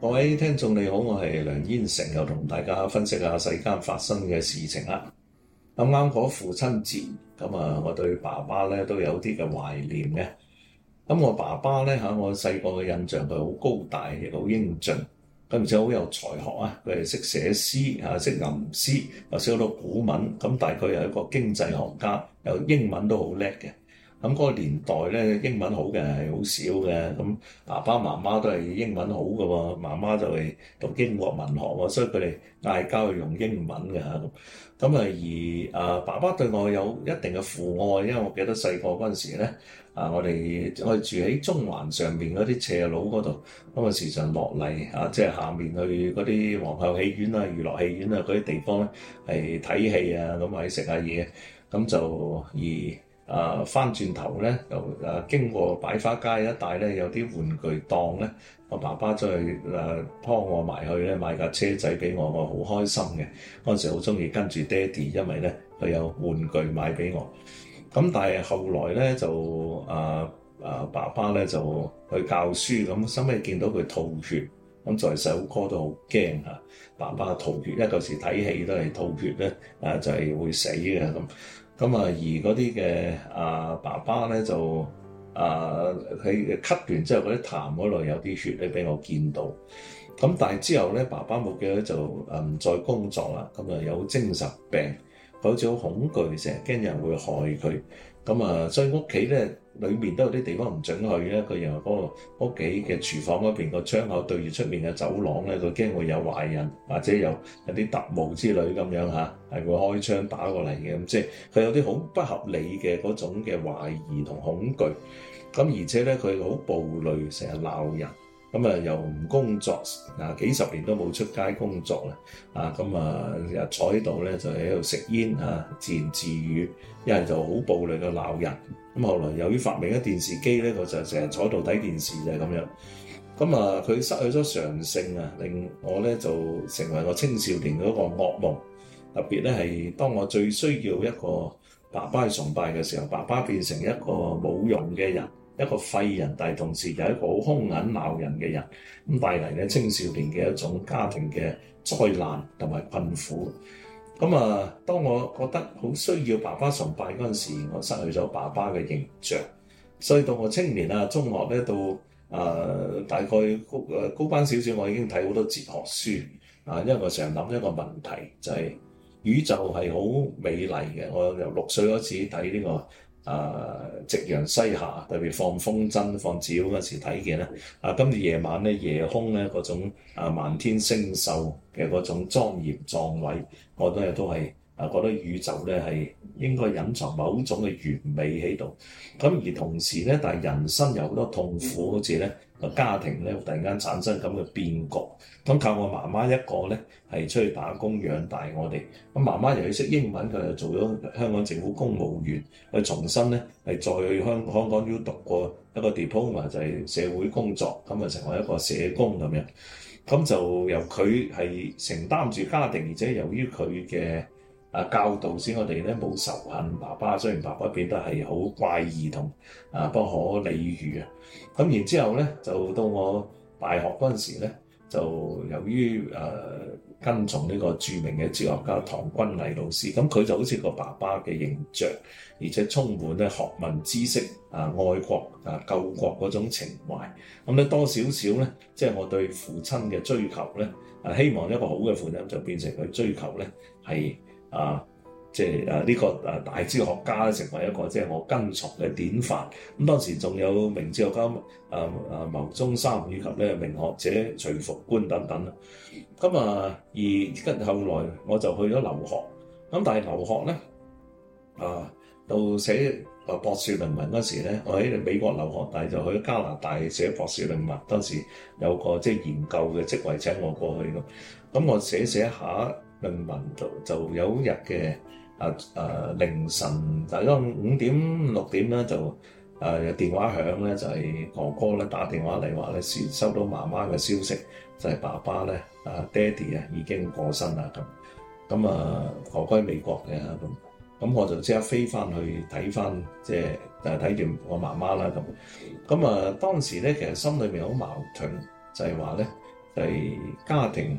各位聽眾你好，我係梁燕成，又同大家分析下世間發生嘅事情啦。咁啱嗰父親節，咁啊，我對爸爸咧都有啲嘅懷念嘅。咁我爸爸咧嚇，我細個嘅印象佢好高大，亦好英俊，佢而且好有才學啊。佢係識寫詩嚇，識吟詩，又識好多古文。咁但係佢係一個經濟學家，又英文都好叻嘅。咁嗰、嗯那個年代咧，英文好嘅係好少嘅。咁、嗯、爸爸媽媽都係英文好嘅喎，媽媽就係讀英國文學喎，所以佢哋嗌交係用英文嘅嚇。咁、嗯、咁、嗯、啊，而啊爸爸對我有一定嘅父愛，因為我記得細個嗰陣時咧，啊我哋我哋住喺中環上邊嗰啲斜路嗰度，咁、嗯、陣時常落嚟嚇，即係下面去嗰啲皇后戲院啊、娛樂戲院啊嗰啲地方咧，係睇戲啊，咁或者食下嘢，咁、嗯、就而。誒翻轉頭咧，又誒、啊、經過百花街一帶咧，有啲玩具檔咧，我爸爸再誒拖我埋去咧買架車仔俾我，我好開心嘅。嗰陣時好中意跟住爹哋，因為咧佢有玩具買俾我。咁但係後來咧就誒誒、啊啊、爸爸咧就去教書，咁後尾見到佢吐血，咁作為細佬哥都好驚嚇。爸爸吐血，因為舊時睇戲都係吐血咧，啊就係、是、會死嘅咁。咁啊，而嗰啲嘅啊爸爸咧就啊，佢咳完之後嗰啲痰嗰度有啲血咧俾我見到。咁但係之後咧，爸爸冇幾耐就唔再工作啦。咁啊有精神病，佢好似好恐懼，成日驚人會害佢。咁啊，所以屋企咧裏面都有啲地方唔准去嘅。佢又係嗰個屋企嘅廚房嗰邊個窗口對住出面嘅走廊咧，佢驚會有壞人或者有有啲特務之類咁樣嚇，係啊，會開槍打過嚟嘅。咁即係佢有啲好不合理嘅嗰種嘅懷疑同恐懼。咁而且咧，佢好暴戾，成日鬧人。咁啊，又唔工作，啊幾十年都冇出街工作啦，啊咁啊又坐喺度咧，就喺度食煙啊，自言自語，一係就好暴力咁鬧人。咁後來由於發明咗電視機咧，佢就成日坐喺度睇電視就係咁樣。咁啊，佢失去咗常性啊，令我咧就成為個青少年嗰個噩夢。特別咧係當我最需要一個爸爸崇拜嘅時候，爸爸變成一個冇用嘅人。一個廢人，但係同時又一個好兇狠鬧人嘅人，咁帶嚟咧青少年嘅一種家庭嘅災難同埋困苦。咁啊，當我覺得好需要爸爸崇拜嗰陣時，我失去咗爸爸嘅形象。所以到我青年啊，中學咧，到啊、呃、大概高誒高班少少，我已經睇好多哲學書啊，因為我成日諗一個問題，就係、係、宇宙係好美麗嘅。我由六歲開始睇呢個。啊！夕陽西下，特別放風箏、放紙嗰陣時睇見咧。啊，今日夜晚咧，夜空咧嗰種啊漫天星宿嘅嗰種莊嚴壯偉，我都亦都係啊覺得宇宙咧係應該隱藏某種嘅完美喺度。咁而同時咧，但係人生有好多痛苦，好似咧。家庭咧突然間產生咁嘅變局。咁靠我媽媽一個咧係出去打工養大我哋。咁媽媽又要識英文，佢又做咗香港政府公務員，去重新咧係再去香香港要讀過一個 diploma 就係、是、社會工作，咁啊成為一個社工咁樣。咁就由佢係承擔住家庭，而且由於佢嘅。啊！教導使我哋咧冇仇恨。爸爸雖然爸爸變得係好怪異同啊，不可理喻啊。咁然之後咧，就到我大學嗰陣時咧，就由於誒、呃、跟從呢個著名嘅哲學家唐君毅老師，咁佢就好似個爸爸嘅形象，而且充滿咧學問知識啊、愛國啊、救國嗰種情懷。咁咧多少少咧，即、就、係、是、我對父親嘅追求咧，啊希望一個好嘅父親就變成佢追求咧係。啊，即係啊、呢、這個啊大哲學家成為一個即係我跟從嘅典範。咁當時仲有名哲學家啊、啊牟宗三以及咧名學者徐復觀等等啦。咁啊而跟後來我就去咗留學。咁、啊、但係留學咧啊到寫啊博士論文嗰時咧，我喺美國留學，但係就去加拿大寫博士論文。當時有個即係研究嘅職位請我過去咯。咁、啊嗯、我寫寫下。論文就就有一日嘅啊啊凌晨，大概五點六點咧就誒、啊、有電話響咧，就係、是、哥哥咧打電話嚟話咧，收收到媽媽嘅消息，就係、是、爸爸咧啊爹哋啊已經過身啦咁，咁啊哥哥喺美國嘅咁，咁我就即刻飛翻去睇翻即係啊睇住我媽媽啦咁，咁啊當時咧其實心裏面好矛盾，就係話咧就係家庭。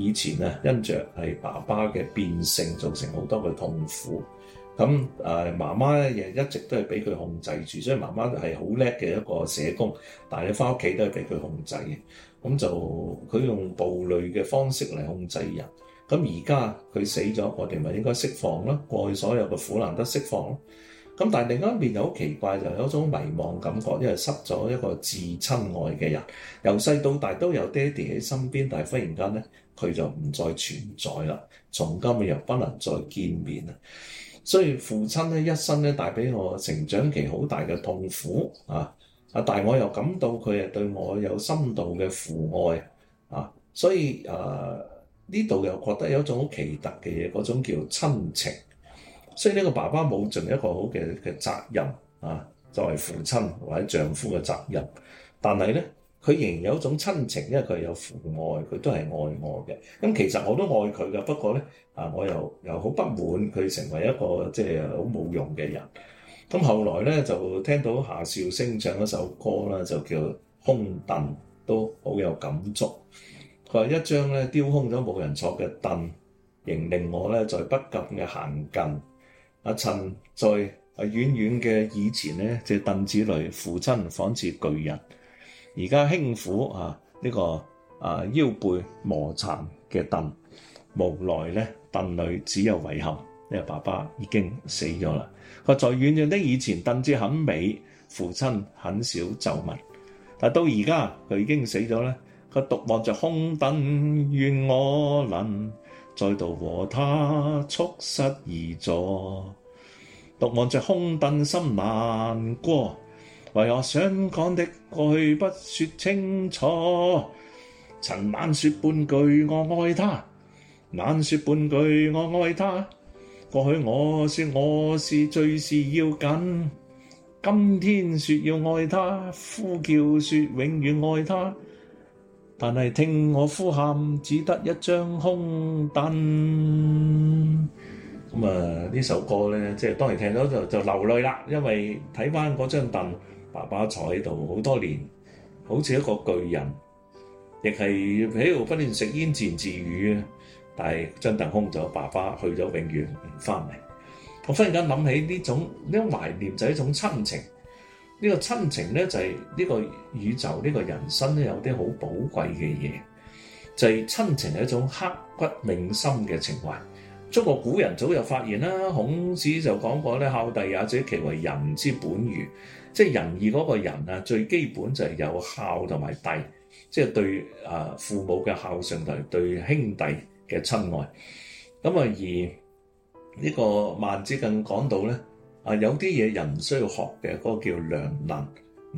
以前咧，因着係爸爸嘅變性造成好多嘅痛苦。咁誒、啊，媽媽咧亦一直都係俾佢控制住，所以媽媽係好叻嘅一個社工，但係返屋企都係俾佢控制嘅。咁就佢用暴戾嘅方式嚟控制人。咁而家佢死咗，我哋咪應該釋放咯。過去所有嘅苦難都釋放咯。咁但係另一面又好奇怪，就有一種迷茫感覺，因為失咗一個至親愛嘅人，由細到大都有爹哋喺身邊，但係忽然間咧，佢就唔再存在啦，從今日又不能再見面啦。所以父親咧一生咧帶俾我成長期好大嘅痛苦啊啊！但係我又感到佢係對我有深度嘅父愛啊，所以誒呢度又覺得有一種好奇特嘅嘢，嗰種叫親情。所以呢個爸爸冇盡一個好嘅嘅責任啊，作為父親或者丈夫嘅責任。但係呢，佢仍然有一種親情，因為佢有父愛，佢都係愛我嘅。咁、嗯、其實我都愛佢嘅，不過呢，啊，我又又好不滿佢成為一個即係好冇用嘅人。咁、嗯、後來呢，就聽到夏韶聲唱一首歌啦，就叫《空凳》，都好有感觸。佢話一張咧雕空咗冇人坐嘅凳，仍令我咧在不禁嘅行近。阿陳在阿遠遠嘅以前咧，即係凳子裏父親仿似巨人。而家輕撫啊，呢個啊腰背磨殘嘅凳，無奈咧，凳裏只有遺憾，因為爸爸已經死咗啦。佢在遠遠的以前，凳子很美，父親很少皺紋。但到而家，佢已經死咗咧。佢獨望着空凳，願我能再度和他促膝而坐。獨望着空凳，心難過。為我想講的過去，不説清楚。曾晚説半句我愛他，晚説半句我愛他。過去我説我是最是要緊，今天説要愛他，呼叫説永遠愛他。但係聽我呼喊，只得一張空凳。咁啊！呢、嗯、首歌咧，即係當然聽到就就流淚啦，因為睇翻嗰張凳，爸爸坐喺度好多年，好似一個巨人，亦係喺度不斷食煙自言自語。但係張凳空咗，爸爸去咗永遠唔翻嚟。我忽然間諗起呢種呢種懷念就係一種親情。呢、呢個親情咧就係、是、呢個宇宙呢、呢個人生咧有啲好寶貴嘅嘢，就係、是、親情係一種刻骨銘心嘅情懷。中國古人早就發現啦，孔子就講過咧，孝弟也者，其為仁之本與。即係仁義嗰個仁啊，最基本就係有孝同埋弟，即係對誒父母嘅孝順同埋、就是、對兄弟嘅親愛。咁啊，而呢個孟子更講到咧，啊有啲嘢人唔需要學嘅，嗰、那個叫良能；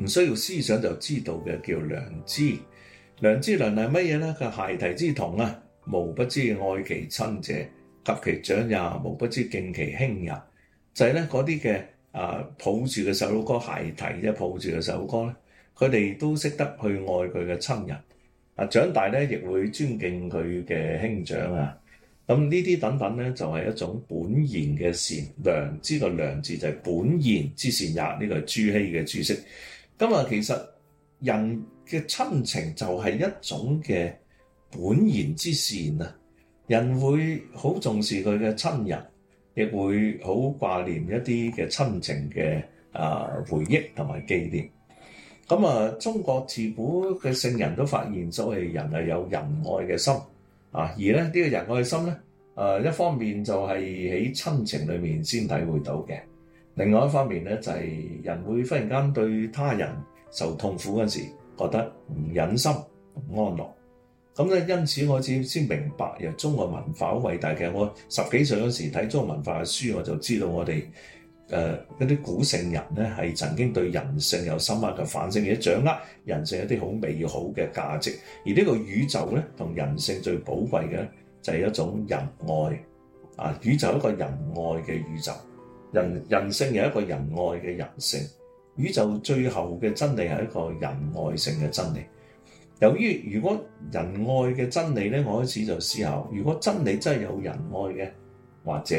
唔需要思想就知道嘅叫良知。良知良係乜嘢咧？佢係孩提之童啊，無不知愛其親者。及其長也，無不知敬其兄也。就係咧嗰啲嘅啊，抱住嘅細路哥孩提啫，抱住嘅細路哥咧，佢哋都識得去愛佢嘅親人。啊，長大咧亦會尊敬佢嘅兄長啊。咁呢啲等等咧，就係、是、一種本然嘅善。良知嘅良字就係本然之善也。呢、這個係朱熹嘅注釋。咁啊，其實人嘅親情就係一種嘅本然之善啊。人會好重視佢嘅親人，亦會好掛念一啲嘅親情嘅啊回憶同埋紀念。咁、嗯、啊，中國自古嘅聖人都發現，所謂人係有仁愛嘅心啊。而咧呢、這個仁愛嘅心咧，誒、啊、一方面就係喺親情裏面先體會到嘅，另外一方面咧就係、是、人會忽然間對他人受痛苦嗰時，覺得唔忍心唔安樂。咁咧，因此我至先明白，又中國文化好偉大嘅。其實我十幾歲嗰時睇中國文化嘅書，我就知道我哋誒一啲古聖人咧，係曾經對人性有深刻嘅反省，而且掌握人性一啲好美好嘅價值。而呢個宇宙咧，同人性最寶貴嘅咧，就係、是、一種仁愛啊！宇宙係一個仁愛嘅宇宙，人人性有一個仁愛嘅人性，宇宙最後嘅真理係一個仁愛性嘅真理。由於如果人愛嘅真理咧，我開始就思考，如果真理真係有人愛嘅，或者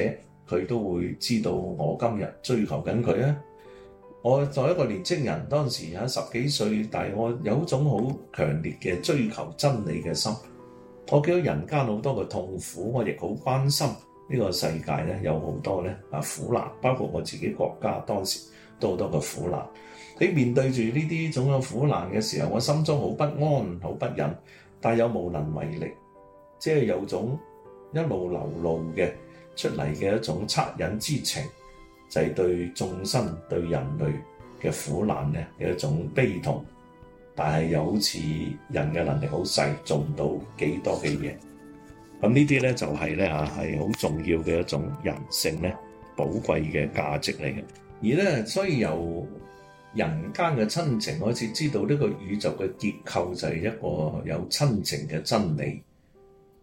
佢都會知道我今日追求緊佢啊！我作為一個年青人，當時係十幾歲，但係我有一種好強烈嘅追求真理嘅心。我見到人間好多嘅痛苦，我亦好關心呢個世界咧有好多咧啊苦難，包括我自己國家當時。多好多嘅苦難，喺面對住呢啲種嘅苦難嘅時候，我心中好不安、好不忍，但又無能為力，即係有種一路流露嘅出嚟嘅一種惻隱之情，就係、是、對眾生、對人類嘅苦難咧有一種悲痛，但係又好似人嘅能力好細，做唔到多幾多嘅嘢。咁呢啲咧就係咧啊，係好重要嘅一種人性咧，寶貴嘅價值嚟嘅。而咧，所以由人間嘅親情，開始知道呢個宇宙嘅結構就係一個有親情嘅真理。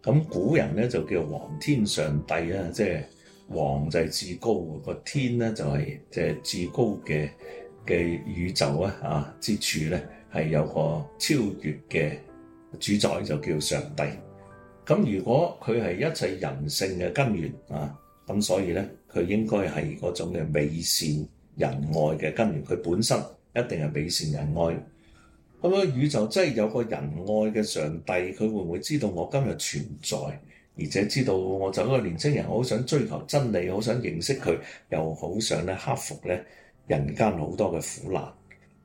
咁古人咧就叫皇天上帝啊，即係皇就係至高個天咧，就係即係至高嘅嘅宇宙啊啊之處咧，係有個超越嘅主宰就叫上帝。咁如果佢係一切人性嘅根源啊，咁所以咧。佢應該係嗰種嘅美善仁愛嘅根源，佢本身一定係美善仁愛。咁樣，宇宙真係有個仁愛嘅上帝，佢會唔會知道我今日存在，而且知道我作為年青人，好想追求真理，好想認識佢，又好想咧克服咧人間好多嘅苦難，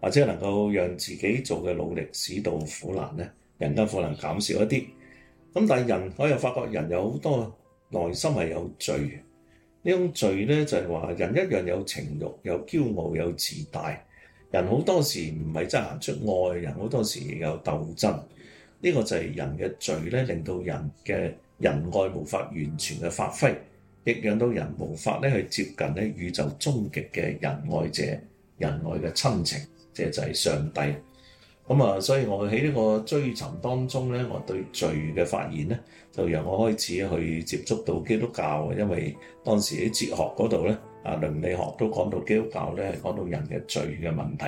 或者能夠讓自己做嘅努力使到苦難咧人間苦難減少一啲。咁但係人，我又發覺人有好多內心係有罪。呢種罪咧就係話人一樣有情慾，有驕傲，有自大。人好多時唔係真行出愛，人好多時亦有鬥爭。呢個就係人嘅罪咧，令到人嘅仁愛無法完全嘅發揮，亦讓到人無法咧去接近咧宇宙終極嘅仁愛者，仁愛嘅親情，即係就係上帝。咁啊、嗯，所以我喺呢個追尋當中咧，我對罪嘅發現咧，就讓我開始去接觸到基督教，因為當時喺哲學嗰度咧，啊倫理學都講到基督教咧，講到人嘅罪嘅問題，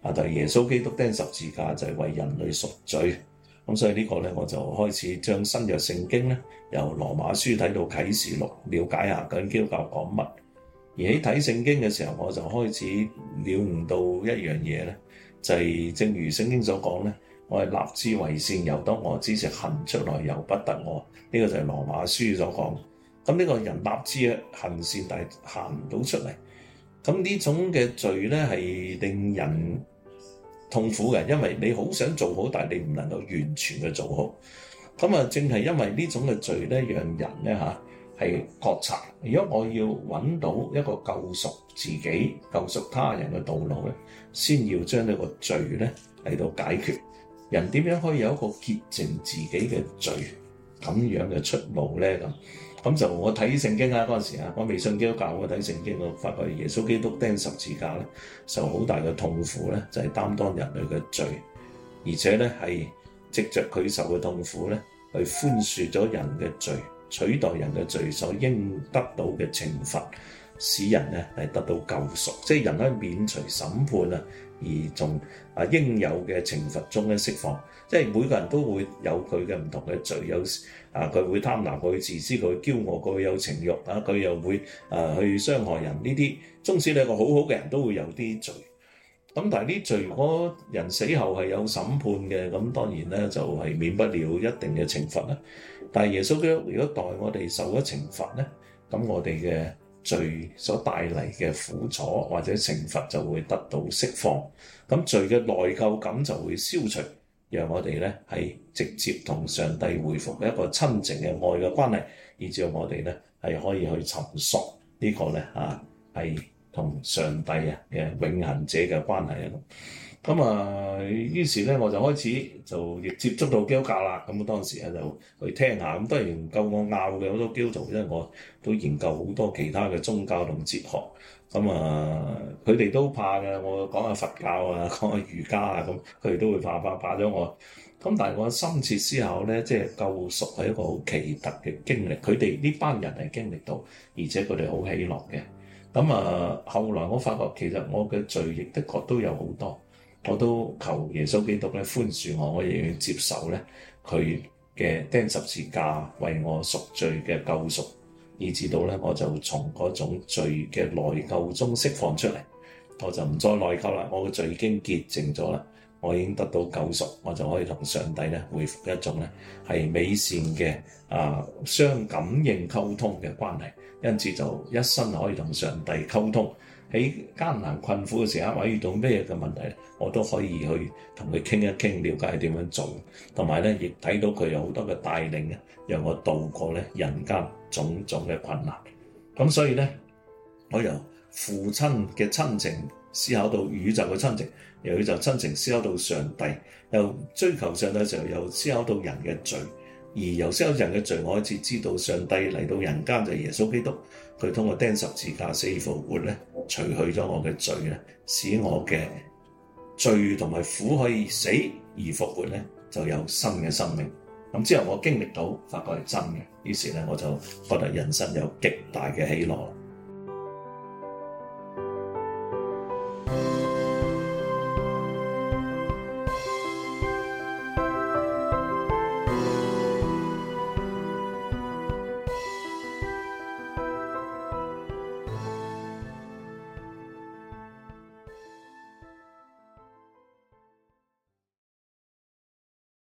啊就係、是、耶穌基督釘十字架就係為人類贖罪。咁所以個呢個咧，我就開始將新約聖經咧，由羅馬書睇到啟示錄，了解下究竟基督教講乜。而喺睇聖經嘅時候，我就開始了悟到一樣嘢咧。就係正如聖經所講咧，我係立志為善，由得我，只是行出來，由不得我。呢，這個就係羅馬書所講。咁呢個人立志行善，但係行唔到出嚟。咁呢種嘅罪咧，係令人痛苦嘅，因為你好想做好，但係你唔能夠完全去做好。咁啊，正係因為種呢種嘅罪咧，讓人咧嚇。係覺察。如果我要揾到一個救贖自己、救贖他人嘅道路咧，先要將呢個罪咧嚟到解決。人點樣可以有一個潔淨自己嘅罪咁樣嘅出路咧？咁咁就我睇聖經啊嗰陣時啊，我未信基督教我睇聖經，我發覺耶穌基督釘十字架咧，受好大嘅痛苦咧，就係、是、擔當人類嘅罪，而且咧係藉着佢受嘅痛苦咧，去寬恕咗人嘅罪。取代人嘅罪所應得到嘅懲罰，使人咧係得到救贖，即係人都免除審判啊，而從啊應有嘅懲罰中咧釋放。即係每個人都會有佢嘅唔同嘅罪，有啊佢會貪婪，佢自私，佢驕傲，佢有情慾啊，佢又會啊去傷害人呢啲。縱使你係個好好嘅人都會有啲罪。咁但係呢罪，如果人死後係有審判嘅，咁當然咧就係免不了一定嘅懲罰啦。但係耶穌基督如果代我哋受咗懲罰咧，咁我哋嘅罪所帶嚟嘅苦楚或者懲罰就會得到釋放，咁罪嘅內疚感就會消除，讓我哋咧係直接同上帝回復一個親情嘅愛嘅關係，以至我哋咧係可以去尋索呢、呢個咧嚇係。同上帝啊嘅永恒者嘅關係啊，咁啊，於是咧我就開始就亦接觸到基督教啦。咁當時啊就去聽下，咁當然唔夠我拗嘅，我都叫做，因為我都研究好多其他嘅宗教同哲學。咁啊，佢哋都怕嘅。我講下佛教啊，講下儒家啊，咁佢哋都會怕怕怕咗我。咁但係我深切思考咧，即係救贖係一個好奇特嘅經歷。佢哋呢班人係經歷到，而且佢哋好喜樂嘅。咁啊、嗯，後來我發覺其實我嘅罪亦的確都有好多，我都求耶穌基督咧寬恕我，我亦要接受咧佢嘅釘十字架為我贖罪嘅救贖，以至到咧我就從嗰種罪嘅內疚中釋放出嚟，我就唔再內疚啦，我嘅罪已經潔淨咗啦，我已經得到救贖，我就可以同上帝咧恢復一種咧係美善嘅啊、呃、相感應溝通嘅關係。因此就一生可以同上帝溝通，喺艱難困苦嘅時候，或者遇到咩嘅問題，我都可以去同佢傾一傾，了解係點樣做，同埋咧亦睇到佢有好多嘅帶領啊，讓我度過咧人間種種嘅困難。咁所以咧，我由父親嘅親情思考到宇宙嘅親情，由宇宙親情思考到上帝，由追求上帝嘅時候又思考到人嘅罪。而由所有人嘅罪，我開始知道上帝嚟到人間就係耶穌基督，佢通過釘十字架死而復活咧，除去咗我嘅罪咧，使我嘅罪同埋苦可以死而復活咧，就有新嘅生命。之後我經歷到是，發覺係真嘅，於是呢，我就覺得人生有極大嘅喜樂。